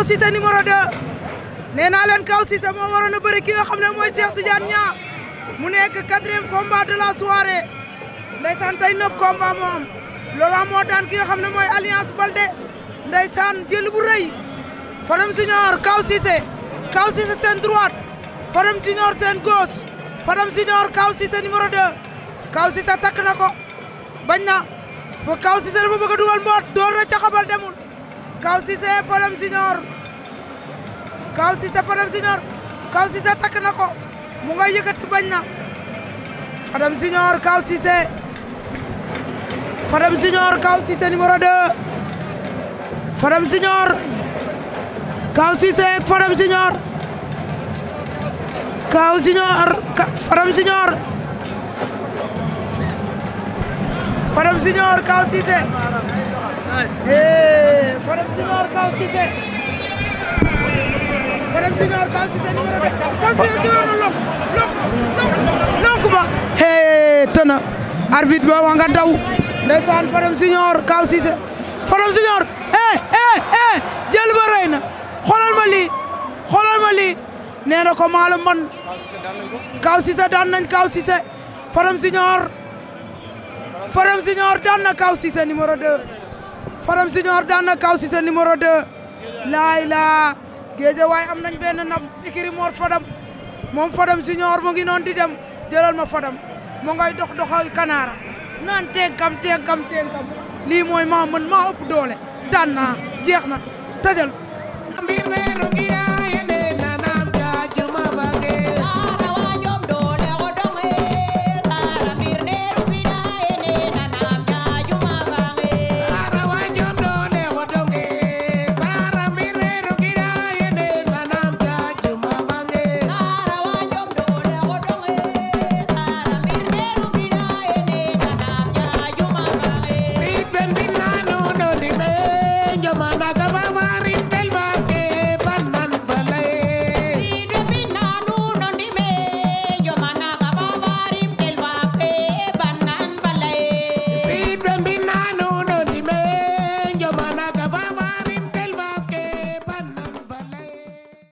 Kaw Cissé numéro 2 nee Kaw Cissé moo waroon a bëri ki xam ne mooy Cheikh Tidiane Niang mu nekk quatrième combat de la soirée ndeysaan tey neuf combat moo am Laurent moo daan ki xam ne mooy Alliance Baldé ndeysaan jël bu rëy Fadam Junior Kaw Cissé Kaw Cissé seen droite Fadam Junior seen gauche Fadam Junior Kaw Cissé numéro 2 Kaw Cissé takk ko bañ na Kaw Cissé dafa bëgg a dugal mboot door na caxabal demul Kaw Cissé Fodem Junior Kaw Cissé Fodem Junior Kaw Cissé takk na ko mu nga yëkkati bañ na Fodem Junior Kaw Cissé Fodem Junior Kaw Cissé numéro 2 Fodem Junior Kaw Cissé Fodem Junior Kaw Junior Fodem Junior Fodem Junior Fadam Junior Kaw Cissé Fadam Junior Kaw Cissé numéro 2 Kaw Cissé door na lonk lonk lonk ba hee tëna arbitre ba wa nga daw ndeysaan Fadam Junior Kaw Cissé Fadam Junior eh eh eh jël ba rëy na xoolal ma lii xoolal ma lii nee na ko maa la mën Kaw Cissé daan nañ Kaw Cissé Fadam Junior Fadam Junior daan na Kaw Cissé numéro 2 Faram Siñoor daan na kaw si sa numéro 2 laay laa Géejawaay am nañ benn ndam ikiri moor Fadam moom Fadam Siñoor mu ngi noon di dem jëlal ma Fadam mu ngay dox doxoy kanaara naan tenkam tenkam tenkam lii mooy maa mën maa ëpp doole daan naa jeex na tëjal